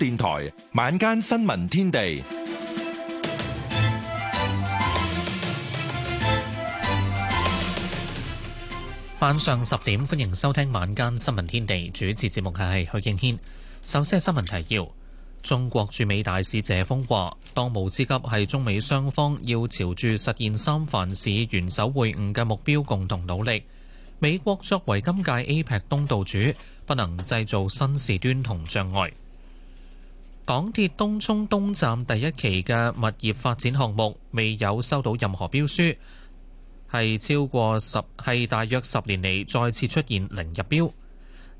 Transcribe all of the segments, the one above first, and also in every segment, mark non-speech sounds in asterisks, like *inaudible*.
電台晚間新聞天地，晚上十點歡迎收聽晚間新聞天地。主持節目係許敬軒。首先係新聞提要：中國駐美大使謝鋒話，當務之急係中美雙方要朝住實現三藩市元首會晤嘅目標，共同努力。美國作為今屆 APEC 東道主，不能製造新事端同障礙。港鐵東涌東站第一期嘅物業發展項目未有收到任何標書，係超過十，係大約十年嚟再次出現零入標。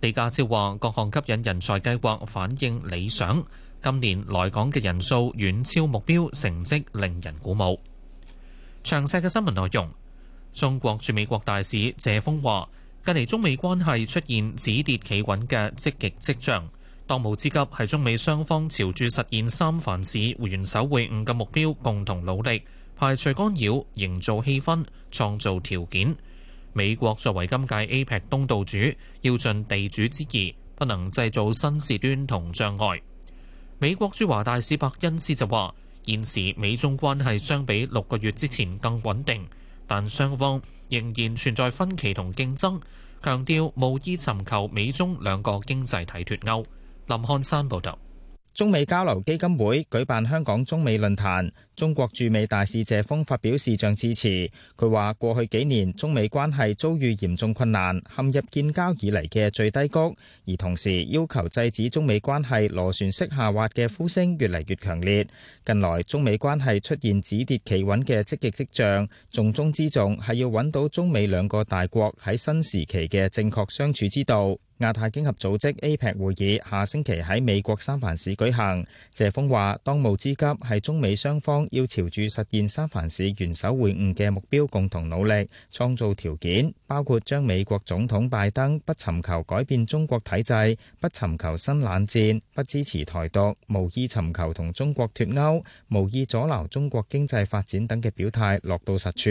李家超話：各項吸引人才計劃反應理想，今年來港嘅人數遠超目標，成績令人鼓舞。詳細嘅新聞內容，中國駐美國大使謝峰話：近嚟中美關係出現止跌企穩嘅積極跡象。當務之急係中美雙方朝住實現三藩市元首會晤嘅目標共同努力，排除干擾，營造氣氛，創造條件。美國作為今屆 APEC 東道主要盡地主之誼，不能製造新事端同障礙。美國駐華大使伯恩斯就話：現時美中關係相比六個月之前更穩定，但雙方仍然存在分歧同競爭，強調無意尋求美中兩個經濟體脫鉤。林漢山報道：中美交流基金會舉辦香港中美論壇。中國駐美大使謝鋒發表視像致辭，佢話過去幾年中美關係遭遇嚴重困難，陷入建交以嚟嘅最低谷，而同時要求制止中美關係螺旋式下滑嘅呼聲越嚟越強烈。近來中美關係出現止跌企穩嘅積極跡象，重中之重係要揾到中美兩個大國喺新時期嘅正確相處之道。亞太經合組織 APEC 會議下星期喺美國三藩市舉行，謝鋒話當務之急係中美雙方。要朝住實現三藩市元首會晤嘅目標，共同努力，創造條件，包括將美國總統拜登不尋求改變中國體制、不尋求新冷戰、不支持台獨、無意尋求同中國脱勾、無意阻撓中國經濟發展等嘅表態落到實處。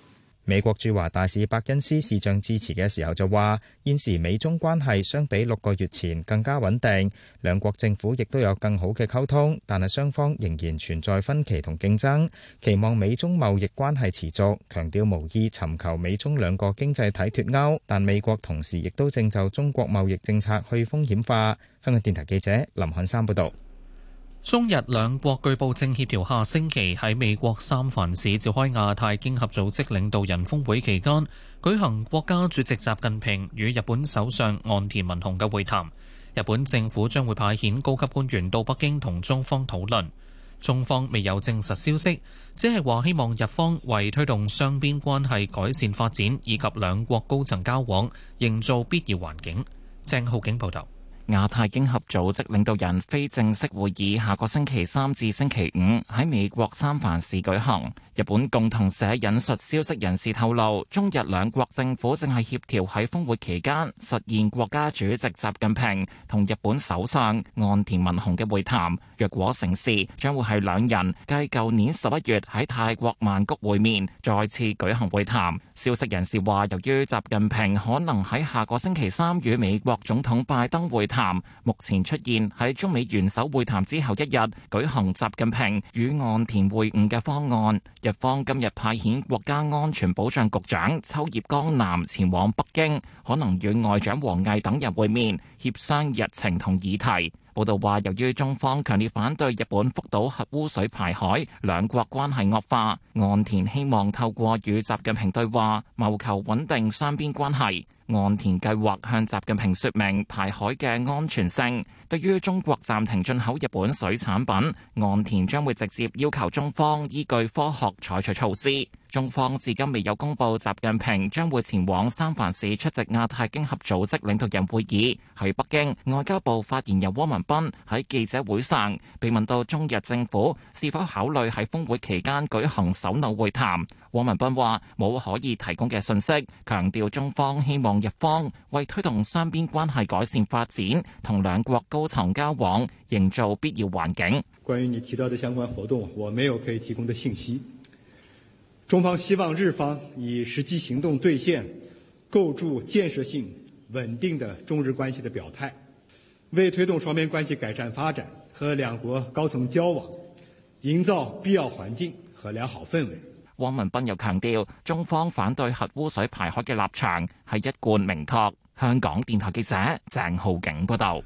美國駐華大使伯恩斯視像致辭嘅時候就話，現時美中關係相比六個月前更加穩定，兩國政府亦都有更好嘅溝通，但係雙方仍然存在分歧同競爭，期望美中貿易關係持續。強調無意尋求美中兩國經濟體脫鈎，但美國同時亦都正就中國貿易政策去風險化。香港電台記者林漢山報道。中日兩國據報正協調，下星期喺美國三藩市召開亞太經合組織領導人峰會期間，舉行國家主席習近平與日本首相岸田文雄嘅會談。日本政府將會派遣高級官員到北京同中方討論。中方未有證實消息，只係話希望日方為推動雙邊關係改善發展以及兩國高層交往，營造必要環境。鄭浩景報道。亞太經合組織領導人非正式會議下個星期三至星期五喺美國三藩市舉行。日本共同社引述消息人士透露，中日兩國政府正係協調喺峰會期間實現國家主席習近平同日本首相岸田文雄嘅會談。若果成事，將會係兩人繼舊年十一月喺泰國曼谷會面再次舉行會談。消息人士話，由於習近平可能喺下個星期三與美國總統拜登會談。目前出現喺中美元首會談之後一日舉行習近平與岸田會晤嘅方案。日方今日派遣國家安全保障局長秋葉剛男前往北京，可能與外長王毅等人會面，協商日程同議題。報道話，由於中方強烈反對日本福島核污水排海，兩國關係惡化，岸田希望透過與習近平對話，謀求穩定三邊關係。岸田計劃向習近平說明排海嘅安全性，對於中國暫停進口日本水產品，岸田將會直接要求中方依據科學採取措施。中方至今未有公布習近平將會前往三藩市出席亞太經合組織領導人會議，喺北京，外交部發言人汪文斌喺記者會上被問到中日政府是否考慮喺峰會期間舉行首腦會談，汪文斌話冇可以提供嘅信息，強調中方希望日方為推動雙邊關係改善發展同兩國高層交往營造必要環境。關於你提到的相關活動，我沒有可以提供的信息。中方希望日方以實際行動兌現構築建設性、穩定的中日關係的表態，為推動雙邊關係改善發展和兩國高層交往營造必要環境和良好氛圍。汪文斌又強調，中方反對核污水排海嘅立場係一貫明確。香港電台記者鄭浩景報道。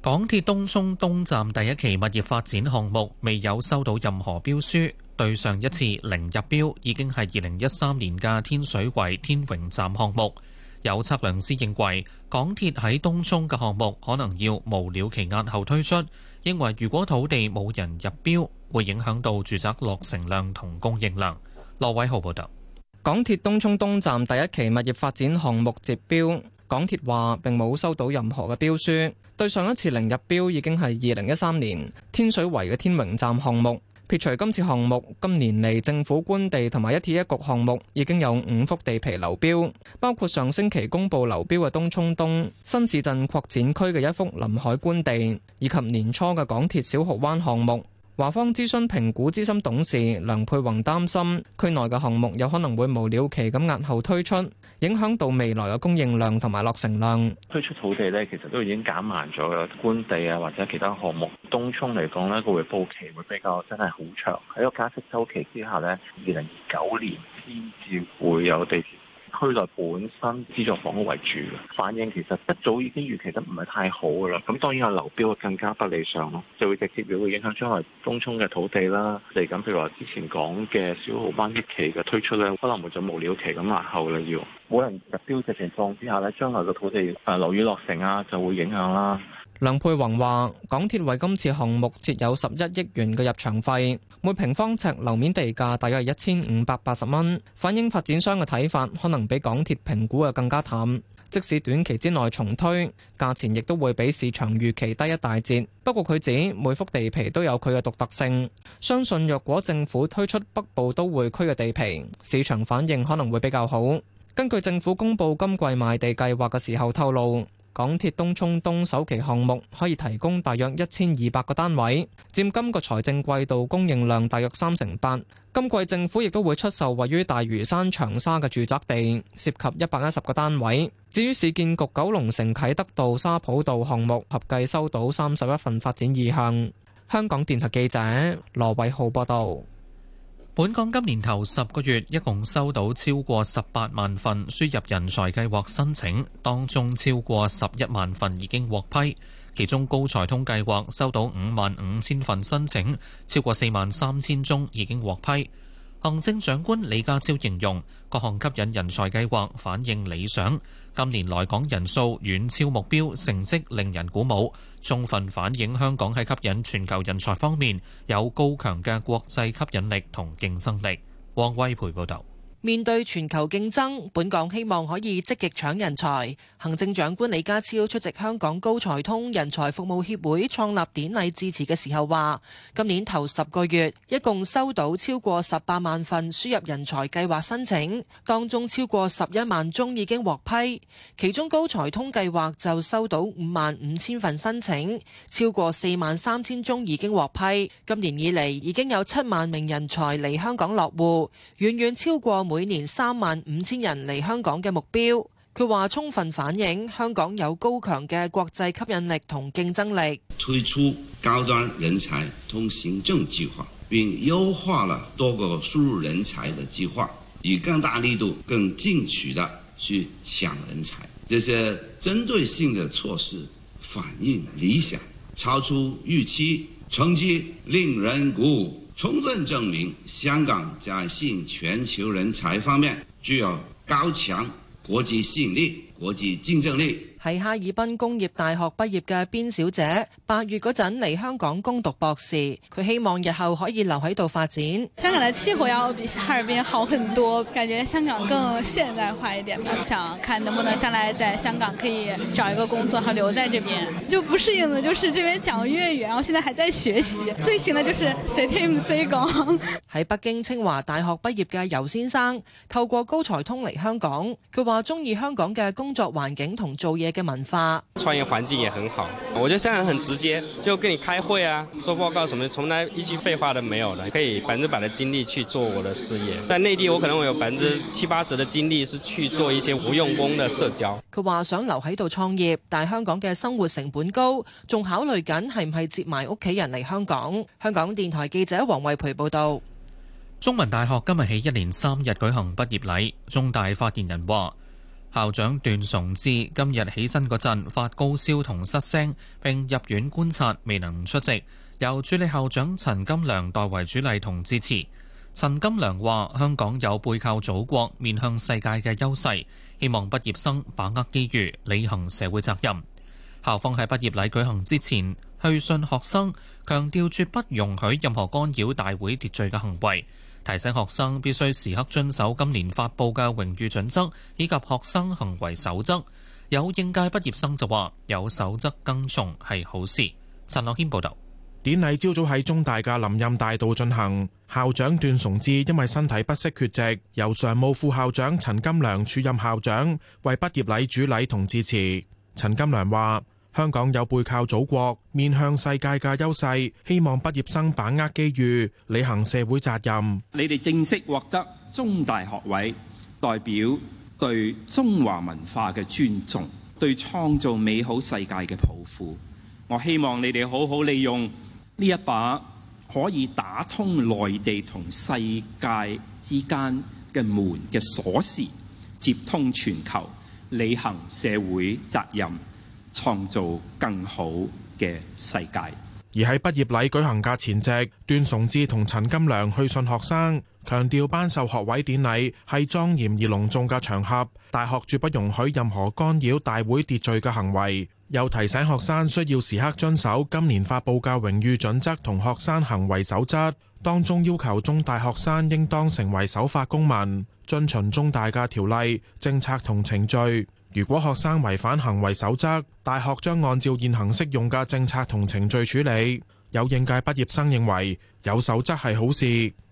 港鐵東涌東站第一期物業發展項目未有收到任何標書。對上一次零入標已經係二零一三年嘅天水圍天榮站項目，有測量師認為港鐵喺東涌嘅項目可能要無了期押後推出，因為如果土地冇人入標，會影響到住宅落成量同供應量。羅偉豪報道，港鐵東涌東站第一期物業發展項目截標，港鐵話並冇收到任何嘅標書。對上一次零入標已經係二零一三年天水圍嘅天榮站項目。撇除今次項目，今年嚟，政府官地同埋一鐵一局項目已經有五幅地皮流標，包括上星期公布流標嘅東涌東新市鎮擴展區嘅一幅臨海官地，以及年初嘅港鐵小蠔灣項目。華方諮詢評估資深董事梁佩宏擔心，區內嘅項目有可能會無了期咁押後推出。影響到未來嘅供應量同埋落成量，推出土地咧，其實都已經減慢咗嘅官地啊，或者其他項目。東涌嚟講咧，個回報期會比較真係好長，喺個加息周期之下咧，二零二九年先至會有地。區內本身資助房屋為主，反應，其實一早已經預期得唔係太好嘅啦。咁當然個樓標更加不理想咯，就會直接亦會影響將來東涌嘅土地啦。嚟緊，譬如話之前講嘅小蠔灣一期嘅推出咧，可能會就無了期咁延後啦。要冇人入標嘅情況之下咧，將來嘅土地誒樓宇落成啊，就會影響啦。梁佩宏話港鐵為今次項目設有十一億元嘅入場費，每平方尺樓面地價大約係一千五百八十蚊。反映發展商嘅睇法，可能比港鐵評估嘅更加淡。即使短期之內重推，價錢亦都會比市場預期低一大截。不過，佢指每幅地皮都有佢嘅獨特性，相信若果政府推出北部都會區嘅地皮，市場反應可能會比較好。根據政府公布今季賣地計劃嘅時候透露。港鐵東涌東首期項目可以提供大約一千二百個單位，佔今個財政季度供應量大約三成八。今季政府亦都會出售位於大嶼山長沙嘅住宅地，涉及一百一十個單位。至於市建局九龍城啟德道沙浦道項目，合計收到三十一份發展意向。香港電台記者羅偉浩報道。本港今年頭十個月一共收到超過十八萬份輸入人才計劃申請，當中超過十一萬份已經獲批。其中高才通計劃收到五萬五千份申請，超過四萬三千宗已經獲批。行政長官李家超形容各項吸引人才計劃反映理想。今年來港人數遠超目標，成績令人鼓舞，充分反映香港喺吸引全球人才方面有高強嘅國際吸引力同競爭力。汪威培報導。面對全球競爭，本港希望可以積極搶人才。行政長官李家超出席香港高才通人才服務協會創立典禮致辭嘅時候話，今年頭十個月，一共收到超過十八萬份輸入人才計劃申請，當中超過十一萬宗已經獲批。其中高才通計劃就收到五萬五千份申請，超過四萬三千宗已經獲批。今年以嚟已經有七萬名人才嚟香港落戶，遠遠超過每年三萬五千人嚟香港嘅目標，佢話充分反映香港有高強嘅國際吸引力同競爭力。推出高端人才通行證計劃，並優化了多個輸入人才的計劃，以更大力度、更進取的去搶人才。這些針對性的措施反映理想，超出預期，成績令人鼓舞。充分證明，香港在吸引全球人才方面具有高強國際吸引力、國際競爭力。喺哈爾濱工業大學畢業嘅邊小姐，八月嗰陣嚟香港攻讀博士，佢希望日後可以留喺度發展。香港嘅氣候要比哈爾濱好很多，感覺香港更現代化一點。想看能不能將來在香港可以找一個工作，好留在這邊。就不適應嘅就是這邊講粵語，然後現在還在學習。最醒嘅就是隨聽唔隨講。喺 *laughs* 北京清華大學畢業嘅尤先生，透過高才通嚟香港，佢話中意香港嘅工作環境同做嘢。嘅文化，創業環境也很好。我覺得香港人很直接，就跟你開會啊，做報告什麼，從來一句廢話都沒有的，可以百分之百的精力去做我的事業，但內地，我可能會有百分之七八十的精力是去做一些無用功的社交。佢話想留喺度創業，但香港嘅生活成本高，仲考慮緊係唔係接埋屋企人嚟香港。香港電台記者黃慧培報道。中文大學今日起一連三日舉行畢業禮，中大發言人話。校長段崇智今日起身嗰陣發高燒同失聲，並入院觀察，未能出席，由助理校長陳金良代為主禮同致辭。陳金良話：香港有背靠祖國、面向世界嘅優勢，希望畢業生把握機遇，履行社會責任。校方喺畢業禮舉行之前去信學生，強調絕不容許任何干擾大會秩序嘅行為。提醒學生必須時刻遵守今年發布嘅榮譽準則以及學生行為守則。有應屆畢業生就話：有守則跟從係好事。陳樂軒報導。典禮朝早喺中大嘅林蔭大道進行，校長段崇智因為身體不適缺席，由常務副校長陳金良署任校長為畢業禮主禮同致辭。陳金良話。香港有背靠祖國、面向世界嘅優勢，希望畢業生把握機遇，履行社會責任。你哋正式獲得中大學位，代表對中華文化嘅尊重，對創造美好世界嘅抱負。我希望你哋好好利用呢一把可以打通內地同世界之間嘅門嘅鎖匙，接通全球，履行社會責任。創造更好嘅世界。而喺畢業禮舉行嘅前夕，段崇智同陳金良去信學生，強調頒授學位典禮係莊嚴而隆重嘅場合，大學絕不容許任何干擾大會秩序嘅行為。又提醒學生需要時刻遵守今年發布嘅榮譽準則同學生行為守則，當中要求中大學生應當成為守法公民，遵循中大嘅條例、政策同程序。如果學生違反行為守則，大學將按照現行適用嘅政策同程序處理。有應屆畢業生認為有守則係好事。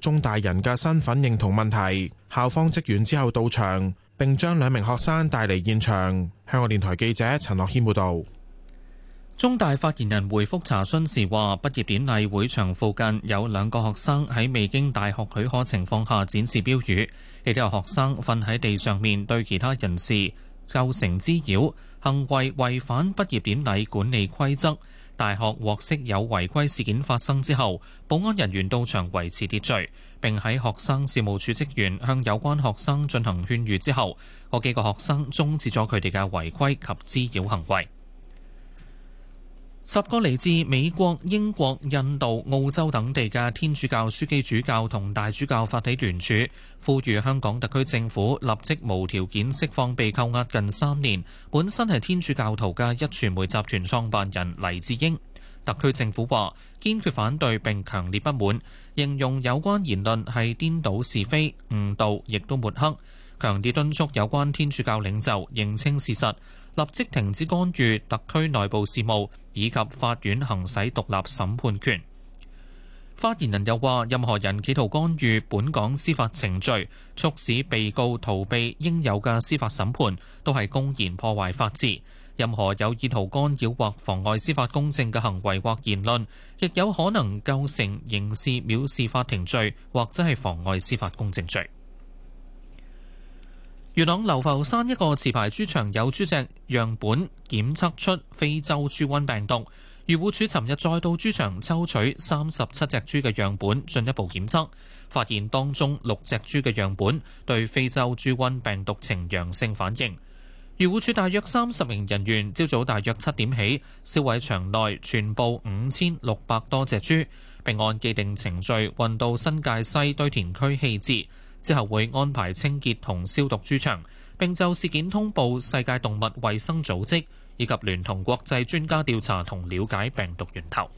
中大人嘅身份認同問題，校方職員之後到場，並將兩名學生帶離現場。香港電台記者陳樂謙報道。中大發言人回覆查詢時話畢業典禮會場附近有兩個學生喺未經大學許可情況下展示標語，亦都有學生瞓喺地上面，對其他人士構成滋擾行為，違反畢業典禮管理規則。大學獲悉有違規事件發生之後，保安人員到場維持秩序，並喺學生事務處職員向有關學生進行勸喻之後，嗰幾個學生終止咗佢哋嘅違規及滋擾行為。十個嚟自美國、英國、印度、澳洲等地嘅天主教樞機主教同大主教發起聯署，呼籲香港特區政府立即無條件釋放被扣押近三年、本身係天主教徒嘅壹傳媒集團創辦人黎智英。特區政府話：堅決反對並強烈不滿，形容有關言論係顛倒是非、誤導，亦都抹黑，強烈敦促有關天主教領袖認清事實，立即停止干預特區內部事務以及法院行使獨立審判權。發言人又話：任何人企圖干預本港司法程序，促使被告逃避應有嘅司法審判，都係公然破壞法治。任何有意圖干擾或妨礙司法公正嘅行為或言論，亦有可能構成刑事藐視法庭罪，或者係妨礙司法公正罪。元朗流浮山一個持牌豬場有豬隻樣本檢測出非洲豬瘟病毒，漁護署尋日再到豬場抽取三十七隻豬嘅樣本進一步檢測，發現當中六隻豬嘅樣本對非洲豬瘟病毒呈陽性反應。漁護署大約三十名人員朝早大約七點起，銷毀場內全部五千六百多隻豬，並按既定程序運到新界西堆填區棄置。之後會安排清潔同消毒豬場，並就事件通報世界動物衛生組織，以及聯同國際專家調查同了解病毒源頭。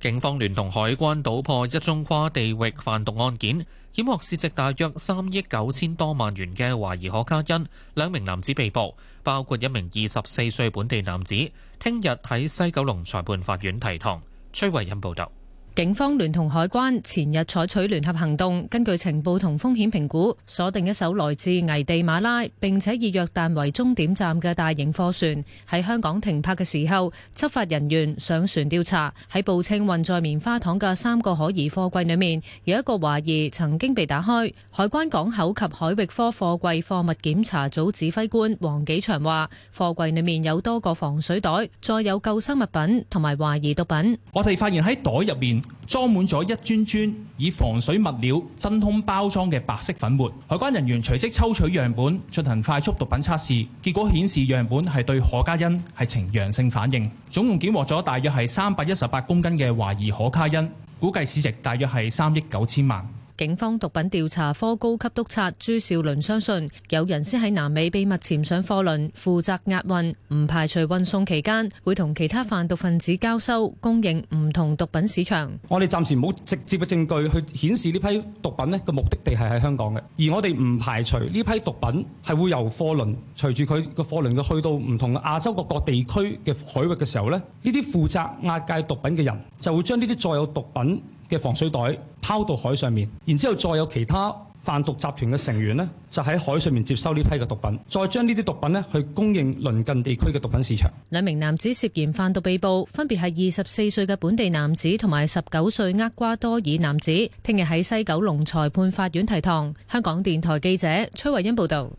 警方聯同海關搗破一宗跨地域販毒案件，檢獲市值大約三億九千多萬元嘅懷疑可卡因，兩名男子被捕，包括一名二十四歲本地男子，聽日喺西九龍裁判法院提堂。崔慧欣報道。警方聯同海關前日採取聯合行動，根據情報同風險評估，鎖定一艘來自危地馬拉並且以約旦為終點站嘅大型貨船，喺香港停泊嘅時候，執法人員上船調查，喺報稱運載棉花糖嘅三個可疑貨櫃裏面，有一個懷疑曾經被打開。海關港口及海域科貨櫃貨物檢查組指揮官黃紀祥話：貨櫃裏面有多個防水袋，載有救生物品同埋懷疑毒品。我哋發現喺袋入面。裝滿咗一磚磚以防水物料真空包裝嘅白色粉末，海關人員隨即抽取樣本進行快速毒品測試，結果顯示樣本係對可卡因係呈陽性反應，總共檢獲咗大約係三百一十八公斤嘅懷疑可卡因，估計市值大約係三億九千萬。警方毒品調查科高級督察朱兆倫相信，有人先喺南美秘密潛上貨輪負責押運，唔排除運送期間會同其他販毒分子交收，供應唔同毒品市場。我哋暫時冇直接嘅證據去顯示呢批毒品呢個目的地係喺香港嘅，而我哋唔排除呢批毒品係會由貨輪隨住佢個貨輪去到唔同亞洲各個地區嘅海域嘅時候呢，呢啲負責押解毒品嘅人就會將呢啲載有毒品嘅防水袋拋到海上面，然之後再有其他販毒集團嘅成員呢，就喺海上面接收呢批嘅毒品，再將呢啲毒品呢去供應鄰近地區嘅毒品市場。兩名男子涉嫌販毒被捕，分別係二十四歲嘅本地男子同埋十九歲厄瓜多爾男子。聽日喺西九龍裁判法院提堂。香港電台記者崔慧欣報道。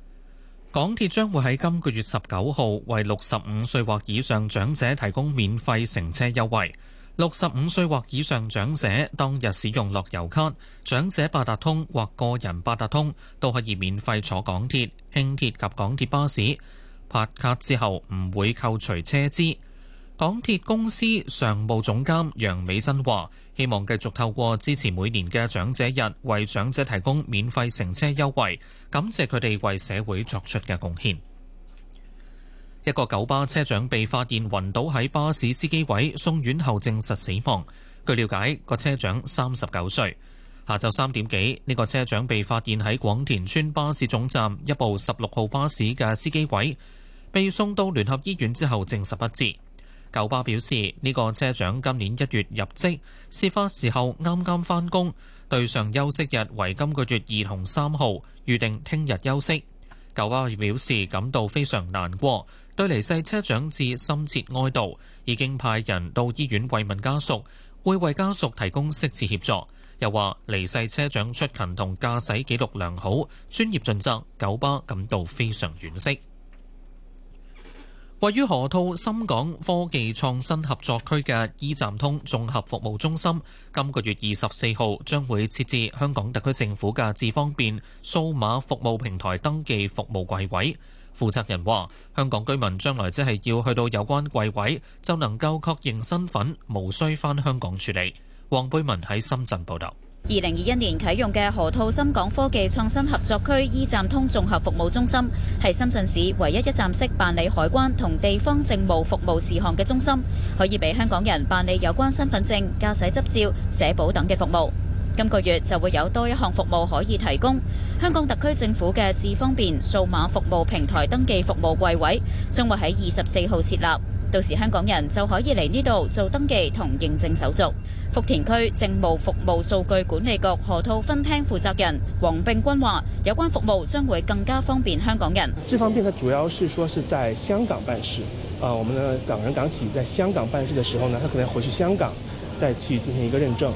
港鐵將會喺今個月十九號為六十五歲或以上長者提供免費乘車優惠。六十五歲或以上長者當日使用樂悠卡、長者八達通或個人八達通，都可以免費坐港鐵、輕鐵及港鐵巴士。拍卡之後唔會扣除車資。港鐵公司常務總監楊美珍話：希望繼續透過支持每年嘅長者日，為長者提供免費乘車優惠，感謝佢哋為社會作出嘅貢獻。一個九巴車長被發現暈倒喺巴士司機位，送院後證實死亡。據了解，個車長三十九歲。下晝三點幾，呢個車長被發現喺廣田村巴士總站一部十六號巴士嘅司機位，被送到聯合醫院之後證實不治。九巴表示，呢個車長今年一月入職，事發時候啱啱返工，對上休息日為今個月二同三號，預定聽日休息。九巴表示感到非常難過。對離世車長致深切哀悼，已經派人到醫院慰問家屬，會為家屬提供適切協助。又話離世車長出勤同駕駛記錄良好，專業盡責，九巴感到非常惋惜。位於河套深港科技創新合作區嘅一站通綜合服務中心，今個月二十四號將會設置香港特區政府嘅智方便數碼服務平台登記服務櫃位。負責人話，香港居民將來即係要去到有關櫃位就能夠確認身份，無需翻香港處理。黃貝文喺深圳報道。二零二一年啟用嘅河套深港科技創新合作區 E 站通綜合服務中心係深圳市唯一一站式辦理海關同地方政務服務事項嘅中心，可以俾香港人辦理有關身份證、駕駛執照、社保等嘅服務。今、這個月就會有多一項服務可以提供，香港特區政府嘅智方便數碼服務平台登記服務櫃位將會喺二十四號設立，到時香港人就可以嚟呢度做登記同認證手續。福田區政務服務數據管理局河套分廳負責人黃炳君話：有關服務將會更加方便香港人。智方便嘅主要是說是在香港辦事，啊，我們港人港企在香港辦事的時候呢，他可能要回去香港再去進行一個認證。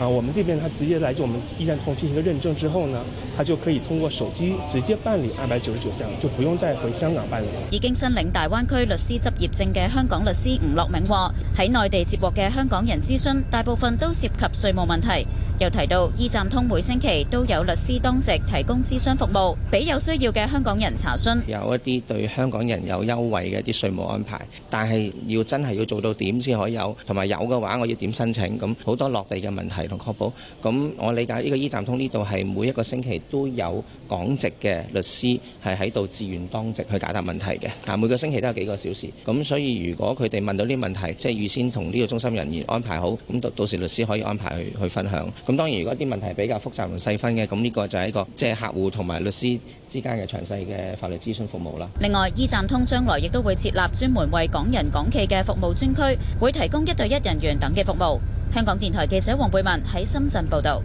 啊，我們這邊他直接來自我們易站通進行一個認證之後呢，他就可以通過手機直接辦理二百九十九項，就不用再回香港辦理。已經申領大灣區律師執業證嘅香港律師吳樂明話：喺內地接獲嘅香港人諮詢，大部分都涉及稅務問題。又提到易站通每星期都有律師當值提供諮詢服務，俾有需要嘅香港人查詢。有一啲對香港人有優惠嘅一啲稅務安排，但係要真係要做到點先可以有，同埋有嘅話，我要點申請？咁好多落地嘅問題。同確保，咁我理解呢個 E 站通呢度係每一個星期都有港籍嘅律師係喺度志願當值去解答問題嘅，每個星期都有幾個小時，咁所以如果佢哋問到啲問題，即係預先同呢個中心人員安排好，咁到到時律師可以安排去去分享。咁當然如果啲問題比較複雜同細分嘅，咁呢個就係一個即係客戶同埋律師之間嘅詳細嘅法律諮詢服務啦。另外，E 站通將來亦都會設立專門為港人港企嘅服務專區，會提供一對一人員等嘅服務。香港電台記者黃貝文喺深圳報道。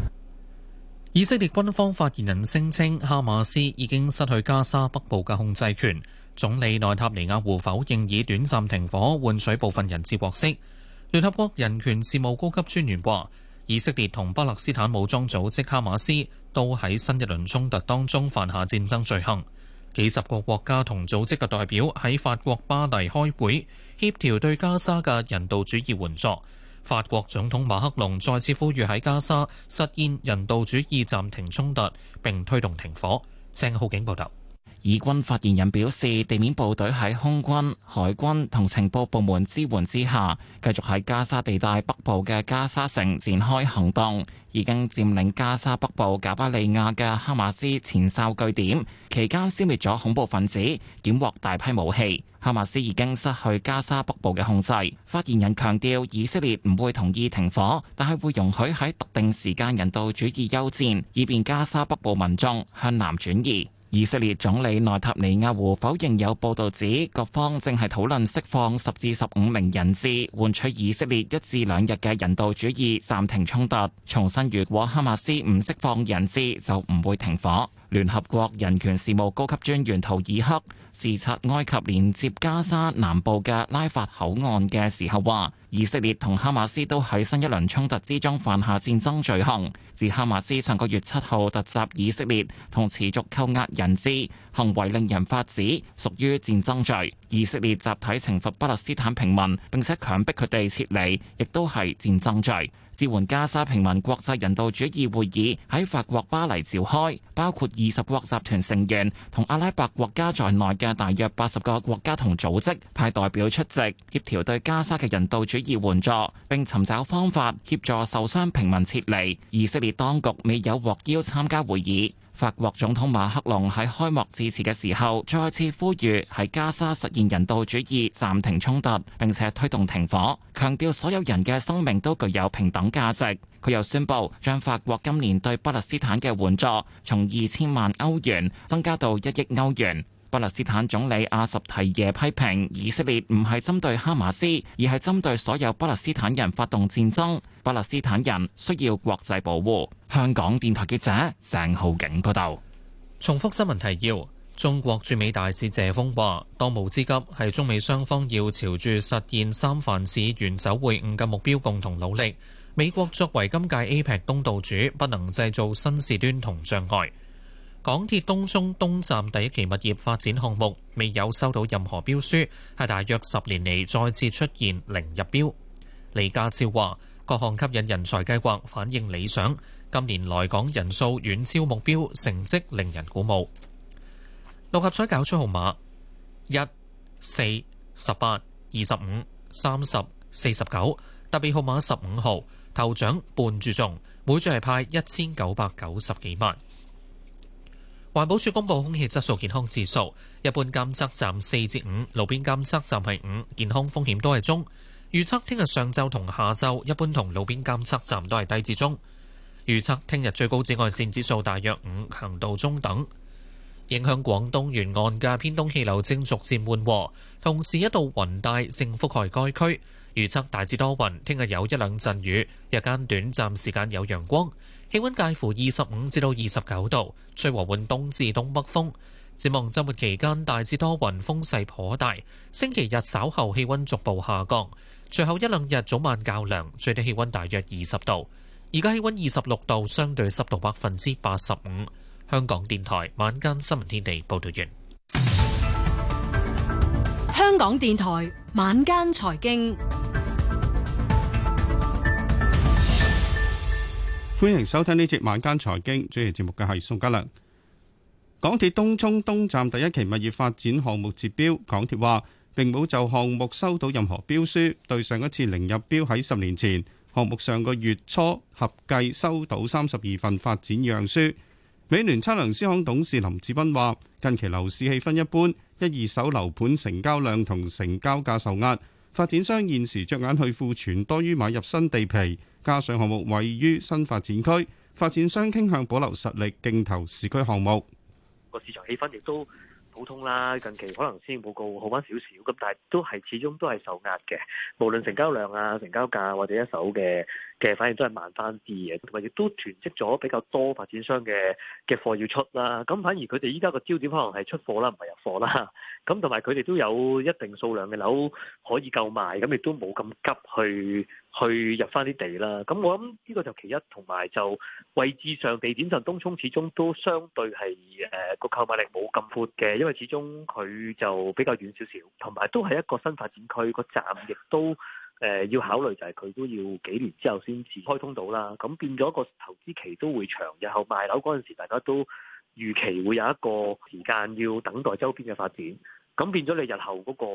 以色列軍方發言人聲稱，哈馬斯已經失去加沙北部嘅控制權。總理內塔尼亞胡否認以短暫停火換取部分人質獲釋。聯合國人權事務高級專員話，以色列同巴勒斯坦武裝組織哈馬斯都喺新一輪衝突當中犯下戰爭罪行。幾十個國家同組織嘅代表喺法國巴黎開會，協調對加沙嘅人道主義援助。法國總統馬克龍再次呼籲喺加沙實現人道主義暫停衝突，並推動停火。鄭浩景報導。以軍發言人表示，地面部隊喺空軍、海軍同情報部門支援之下，繼續喺加沙地帶北部嘅加沙城展開行動，已經佔領加沙北部賈巴利亞嘅哈馬斯前哨據點，期間消滅咗恐怖分子，檢獲大批武器。哈馬斯已經失去加沙北部嘅控制。發言人強調，以色列唔會同意停火，但係會容許喺特定時間人道主義休戰，以便加沙北部民眾向南轉移。以色列總理內塔尼亞胡否認有報道指各方正係討論釋放十至十五名人質，換取以色列一至兩日嘅人道主義暫停衝突。重申如果哈馬斯唔釋放人質，就唔會停火。聯合國人權事務高級專員圖爾克視察埃及連接加沙南部嘅拉法口岸嘅時候話，以色列同哈馬斯都喺新一輪衝突之中犯下戰爭罪行。自哈馬斯上個月七號突襲以色列，同持續扣押人質，行為令人髮指，屬於戰爭罪。以色列集體懲罰巴勒斯坦平民，並且強迫佢哋撤離，亦都係戰爭罪。支援加沙平民國際人道主義會議喺法國巴黎召開，包括二十國集團成員同阿拉伯國家在內嘅大約八十個國家同組織派代表出席，協調對加沙嘅人道主義援助，並尋找方法協助受傷平民撤離，以色列當局未有獲邀參加會議。法國總統馬克龍喺開幕致辭嘅時候，再次呼籲喺加沙實現人道主義暫停衝突，並且推動停火，強調所有人嘅生命都具有平等價值。佢又宣布，將法國今年對巴勒斯坦嘅援助從二千萬歐元增加到一億歐元。巴勒斯坦總理阿什提耶批評以色列唔係針對哈馬斯，而係針對所有巴勒斯坦人發動戰爭。巴勒斯坦人需要國際保護。香港電台記者鄭浩景報道。重複新聞提要：中國駐美大使謝鋒話，當務之急係中美雙方要朝住實現三藩市元首會晤嘅目標共同努力。美國作為今屆 APEC 東道主，不能製造新事端同障礙。港鐵東涌東站第一期物業發展項目未有收到任何標書，係大約十年嚟再次出現零入標。李家超話：各項吸引人才計劃反應理想，今年來港人數遠超目標，成績令人鼓舞。六合彩攪出號碼一四十八二十五三十四十九，1, 4, 18, 25, 30, 49, 特別號碼十五號，頭獎半注中，每注係派一千九百九十幾萬。環保署公布空氣質素健康指數，一般監測站四至五，路邊監測站係五，健康風險都係中。預測聽日上晝同下晝，一般同路邊監測站都係低至中。預測聽日最高紫外線指數大約五，強度中等。影響廣東沿岸嘅偏東氣流正逐漸緩和，同時一道雲帶正覆蓋該區。預測大致多雲，聽日有一兩陣雨，日間短暫時間有陽光。氣温介乎二十五至到二十九度，吹和緩東至東北風。展望周末期間大致多雲，風勢頗大。星期日稍後氣温逐步下降，隨後一兩日早晚較涼，最低氣温大約二十度。而家氣温二十六度，相對濕度百分之八十五。香港電台晚間新聞天地報道完。香港電台晚間財經。歡迎收聽呢節晚間財經，主持節目嘅係宋嘉良。港鐵東涌東站第一期物業發展項目接標，港鐵話並冇就項目收到任何標書。對上一次零入標喺十年前，項目上個月初合計收到三十二份發展樣書。美聯測量師行董事林志斌話：近期樓市氣氛一般，一二手樓盤成交量同成交價受壓。發展商現時着眼去庫存多於買入新地皮，加上項目位於新發展區，發展商傾向保留實力競投市區項目。個市場氣氛亦都普通啦，近期可能先報告好翻少少，咁但係都係始終都係受壓嘅，無論成交量啊、成交價或者一手嘅。嘅反應都係慢翻啲嘅，同埋亦都囤積咗比較多發展商嘅嘅貨要出啦。咁反而佢哋依家個焦點可能係出貨啦，唔係入貨啦。咁同埋佢哋都有一定數量嘅樓可以夠賣，咁亦都冇咁急去去入翻啲地啦。咁我諗呢個就其一，同埋就位置上，地點上，東涌始終都相對係誒個購買力冇咁闊嘅，因為始終佢就比較遠少少，同埋都係一個新發展區，個站亦都。誒，要考慮就係佢都要幾年之後先至開通到啦，咁變咗個投資期都會長，日後賣樓嗰陣時，大家都預期會有一個時間要等待周邊嘅發展，咁變咗你日後嗰個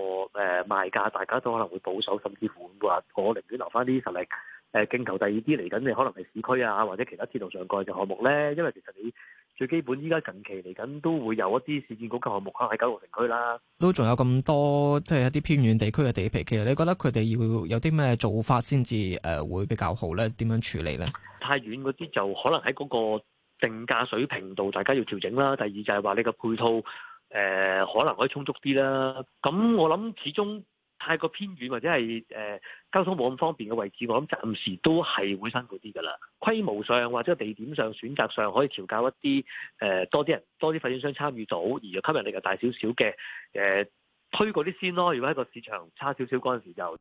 誒賣價，大家都可能會保守，甚至乎會話我寧願留翻啲實力誒，競投第二啲嚟緊，你可能係市區啊，或者其他鐵路上蓋嘅項目咧，因為其實你。最基本，依家近期嚟緊都會有一啲市政局嘅項目喺喺九龍城區啦。都仲有咁多，即係一啲偏遠地區嘅地皮。其實你覺得佢哋要有啲咩做法先至誒會比較好咧？點樣處理咧？太遠嗰啲就可能喺嗰個定價水平度，大家要調整啦。第二就係話你個配套誒、呃，可能可以充足啲啦。咁我諗始終。太過偏遠或者係誒交通冇咁方便嘅位置，我諗暫時都係會辛苦啲噶啦。規模上或者地點上選擇上，可以調教一啲誒、呃、多啲人多啲發展商參與到，而吸引力又大少少嘅誒推嗰啲先咯。如果喺個市場差少少嗰陣時就。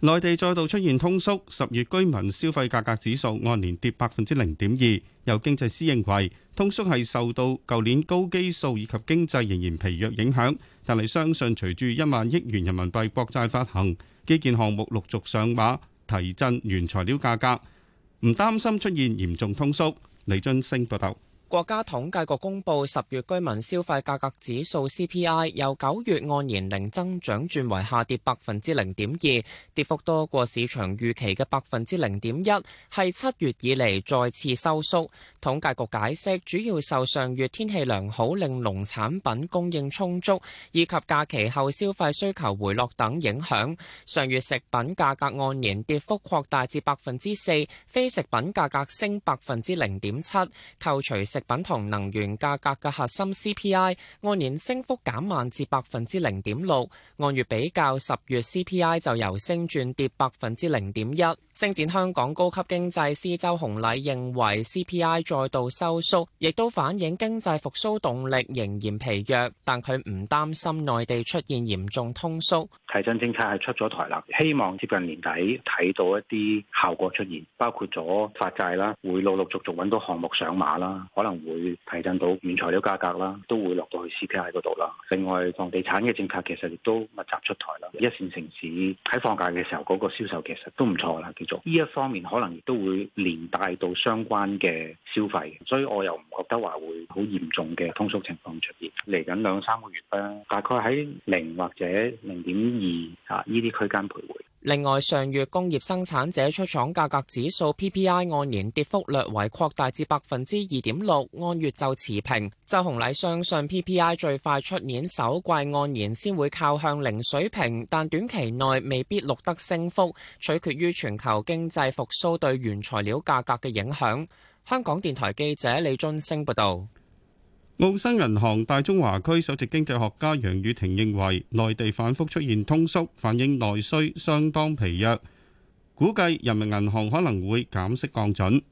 內地再度出現通縮，十月居民消費價格指數按年跌百分之零點二。有經濟師認為，通縮係受到舊年高基數以及經濟仍然疲弱影響，但係相信隨住一萬億元人民幣國債發行、基建項目陸續上馬，提振原材料價格，唔擔心出現嚴重通縮。李津升報道。國家統計局公布十月居民消費價格指數 CPI，由九月按年零增長轉為下跌百分之零點二，跌幅多過市場預期嘅百分之零點一，係七月以嚟再次收縮。統計局解釋，主要受上月天氣良好令農產品供應充足，以及假期後消費需求回落等影響。上月食品價格按年跌幅擴大至百分之四，非食品價格升百分之零點七，扣除。食品同能源價格嘅核心 CPI 按年升幅減慢至百分之零點六，按月比較十月 CPI 就由升轉跌百分之零點一。星展香港高級經濟師周洪禮認為 CPI 再度收縮，亦都反映經濟復甦動力仍然疲弱，但佢唔擔心內地出現嚴重通縮。提振政，政策係出咗台啦，希望接近年底睇到一啲效果出現，包括咗發債啦，會陸陸,陸續續揾到項目上馬啦。可能會提振到原材料價格啦，都會落到去 CPI 嗰度啦。另外，房地產嘅政策其實亦都密集出台啦。一線城市喺放假嘅時候，嗰個銷售其實都唔錯啦。叫做呢一方面，可能亦都會連帶到相關嘅消費。所以我又唔覺得話會好嚴重嘅通縮情況出現。嚟緊兩三個月啦，大概喺零或者零點二啊呢啲區間徘徊。另外，上月工業生產者出廠價格指數 PPI 按年跌幅略為擴大至百分之二點六，按月就持平。周洪禮相信 PPI 最快出年首季按年先會靠向零水平，但短期內未必錄得升幅，取決於全球經濟復甦對原材料價格嘅影響。香港電台記者李俊升報導。澳新銀行大中華區首席經濟學家楊宇霆認為，內地反覆出現通縮，反映內需相當疲弱，估計人民銀行可能會減息降準。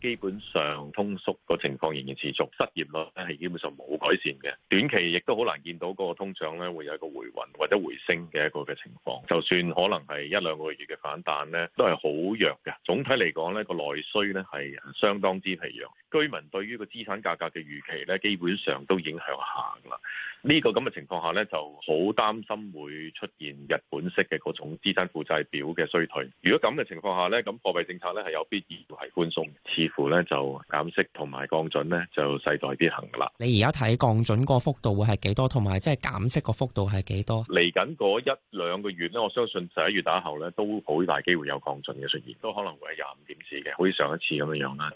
基本上，通縮個情況仍然持續，失業率咧係基本上冇改善嘅，短期亦都好難見到個通脹咧會有一個回穩或者回升嘅一個嘅情況。就算可能係一兩個月嘅反彈咧，都係好弱嘅。總體嚟講咧，個內需咧係相當之疲弱。居民對於個資產價格嘅預期咧，基本上都已經向下啦。呢個咁嘅情況下咧，就好擔心會出現日本式嘅嗰種資產負債表嘅衰退。如果咁嘅情況下咧，咁貨幣政策咧係有必要係寬鬆，似乎咧就減息同埋降準咧就勢在必行㗎啦。你而家睇降準個幅度會係幾多，同埋即係減息個幅度係幾多？嚟緊嗰一兩個月咧，我相信十一月打後咧都好大機會有降準嘅出現，都可能會係廿五點子嘅，好似上一次咁樣樣啦。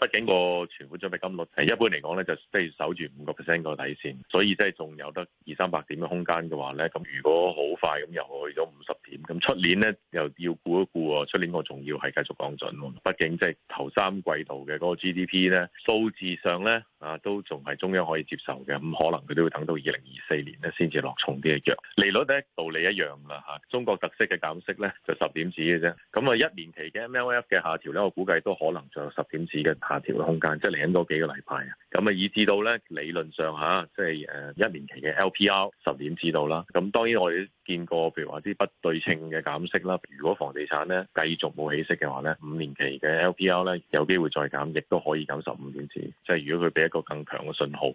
利率一般嚟講咧，就即係守住五個 percent 個底線，所以即係仲有得二三百點嘅空間嘅話咧，咁如果好快咁又去咗五十點，咁出年咧又要估一估喎，出年我仲要係繼續降準喎，畢竟即係頭三季度嘅嗰個 GDP 咧數字上咧啊都仲係中央可以接受嘅，咁可能佢都會等到二零二四年咧先至落重啲嘅藥。利率第一道理一樣啦，嚇，中國特色嘅減息咧就十點子嘅啫，咁啊一年期嘅 MLF 嘅下調咧，我估計都可能仲有十點子嘅下調嘅空間，即係多幾個禮拜啊，咁啊，以至到咧，理論上吓，即係誒，一年期嘅 LPR 十點至到啦。咁當然我哋都見過，譬如話啲不對稱嘅減息啦。如果房地產咧繼續冇起色嘅話咧，五年期嘅 LPR 咧有機會再減，亦都可以減十五點至。即係如果佢俾一個更強嘅信號。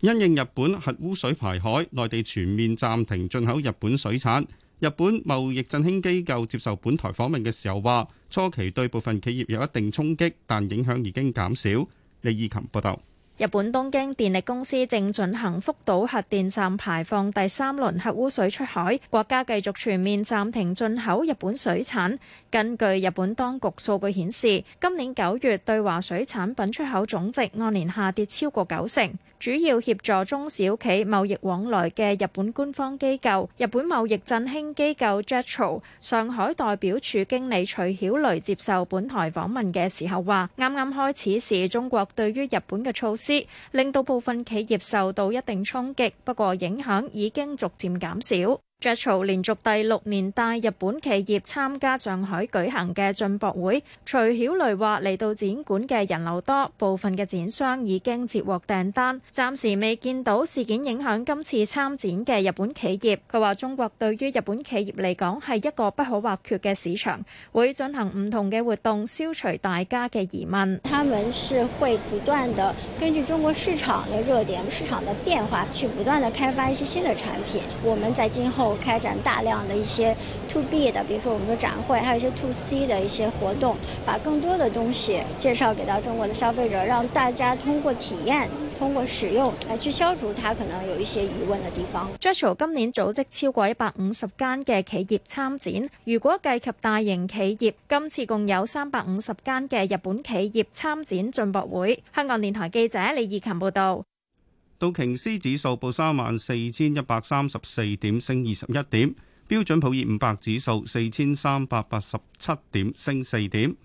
因應日本核污水排海，內地全面暫停進口日本水產。日本貿易振興機構接受本台訪問嘅時候話，初期對部分企業有一定衝擊，但影響已經減少。李義琴報道。日本東京電力公司正進行福島核電站排放第三輪核污水出海，國家繼續全面暫停進口日本水產。根據日本當局數據顯示，今年九月對華水產品出口總值按年下跌超過九成。主要協助中小企貿易往來嘅日本官方機構日本貿易振興機構 JETRO 上海代表處經理徐曉蕾接受本台訪問嘅時候話，啱啱開始時中國對於日本嘅措施令到部分企業受到一定衝擊，不過影響已經逐漸減少。JETRO 連續第六年帶日本企業參加上海舉行嘅進博會。徐曉雷話：嚟到展館嘅人流多，部分嘅展商已經接獲訂單，暫時未見到事件影響今次參展嘅日本企業。佢話：中國對於日本企業嚟講係一個不可或缺嘅市場，會進行唔同嘅活動，消除大家嘅疑問。他們是會不斷的根據中國市場的熱點、市場的變化，去不斷的開發一些新的產品。我們在今後。開展大量的一些 To B 的，比如說我們的展會，還有一些 To C 的一些活動，把更多的東西介紹給到中國的消費者，讓大家通過體驗、通過使用來去消除他可能有一些疑問的地方。JETRO 今年組織超過一百五十間嘅企業參展，如果計及大型企業，今次共有三百五十間嘅日本企業參展進博會。香港電台記者李義勤報道。道瓊斯指數報三萬四千一百三十四點，升二十一點。標準普爾五百指數四千三百八十七點，升四點。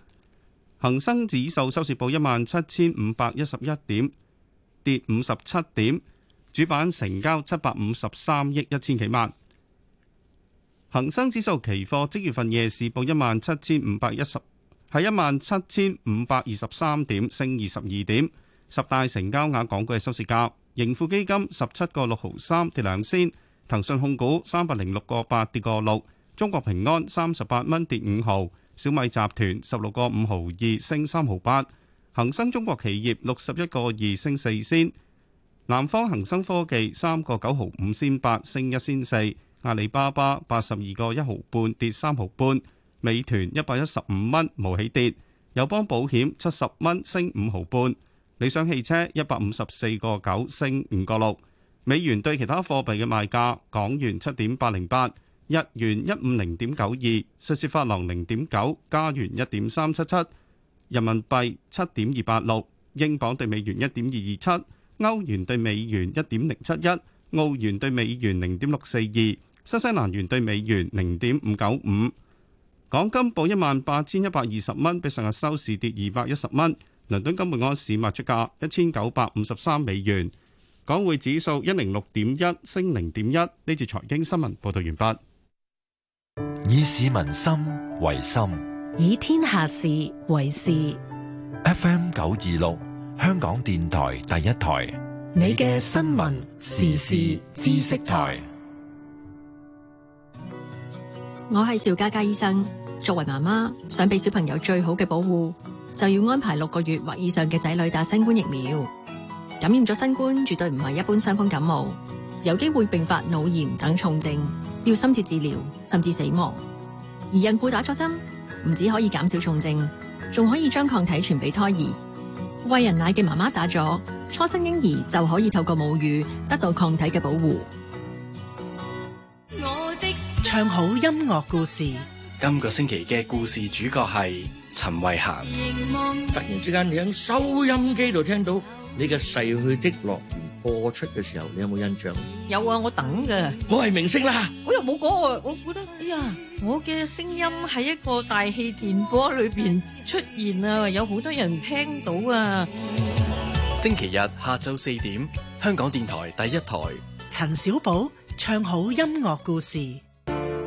恒生指數收市報一萬七千五百一十一點，跌五十七點。主板成交七百五十三億一千幾萬。恒生指數期貨即月份夜市報一萬七千五百一十，係一萬七千五百二十三點，升二十二點。十大成交額港股嘅收市價。盈富基金十七個六毫三跌兩仙，騰訊控股三百零六個八跌個六，中國平安三十八蚊跌五毫，小米集團十六個五毫二升三毫八，恒生中國企業六十一個二升四仙，南方恒生科技三個九毫五仙八升一仙四，阿里巴巴八十二個一毫半跌三毫半，美團一百一十五蚊冇起跌，友邦保險七十蚊升五毫半。理想汽車一百五十四個九升五個六。美元對其他貨幣嘅賣價：港元七點八零八，日元一五零點九二，瑞士法郎零點九，加元一點三七七，人民幣七點二八六，英鎊對美元一點二二七，歐元對美元一點零七一，澳元對美元零點六四二，新西蘭元對美元零點五九五。港金報一萬八千一百二十蚊，比上日收市跌二百一十蚊。倫敦金每盎司賣出價一千九百五十三美元，港匯指數一零六點一升零點一。呢次財經新聞報道完畢。以市民心為心，以天下事為事。F M 九二六，香港電台第一台。你嘅新聞時事知識台。我係邵嘉嘉醫生，作為媽媽，想俾小朋友最好嘅保護，就要安排六個月或以上嘅仔女打新冠疫苗。感染咗新冠絕對唔係一般傷風感冒，有機會併發腦炎等重症，要深切治療甚至死亡。而孕婦打咗針，唔止可以減少重症，仲可以將抗體傳俾胎兒。喂人奶嘅媽媽打咗，初生嬰兒就可以透過母乳得到抗體嘅保護。我的唱好音樂故事。今個星期嘅故事主角係。陳慧嫻，突然之間你喺收音機度聽到你嘅《逝去的樂園》播出嘅時候，你有冇印象？有啊，我等㗎。我係明星啦，我又冇講我，我覺得，哎呀，我嘅聲音喺一個大氣電波裏邊出現啊，有好多人聽到啊。星期日下晝四點，香港電台第一台，陳小寶唱好音樂故事。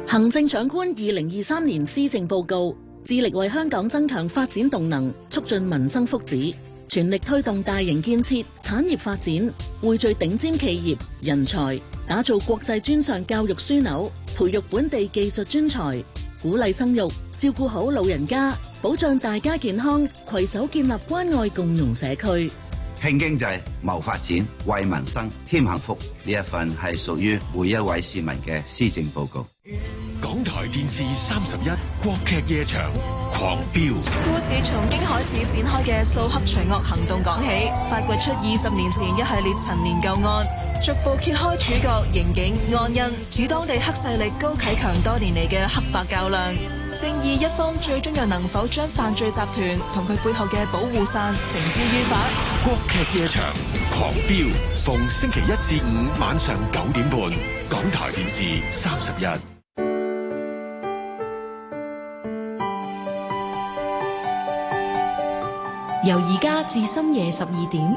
行政長官二零二三年施政報告。致力為香港增強發展動能，促進民生福祉，全力推動大型建設、產業發展，匯聚頂尖企業人才，打造國際專上教育樞紐，培育本地技術專才，鼓勵生育，照顧好老人家，保障大家健康，携手建立關愛共融社區，興經濟、謀發展、為民生添幸福，呢一份係屬於每一位市民嘅施政報告。港台電視三十一國劇夜場狂飆，故事從京海市展開嘅掃黑除惡行動講起，發掘出二十年前一系列陳年舊案，逐步揭開主角刑警安欣與當地黑勢力高啟強多年嚟嘅黑白較量。正義一方最終又能否將犯罪集團同佢背後嘅保護傘繩之於法？國劇夜場狂飆，逢星期一至五晚上九點半，港台電視三十一。由而家至深夜十二點，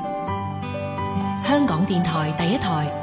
香港電台第一台。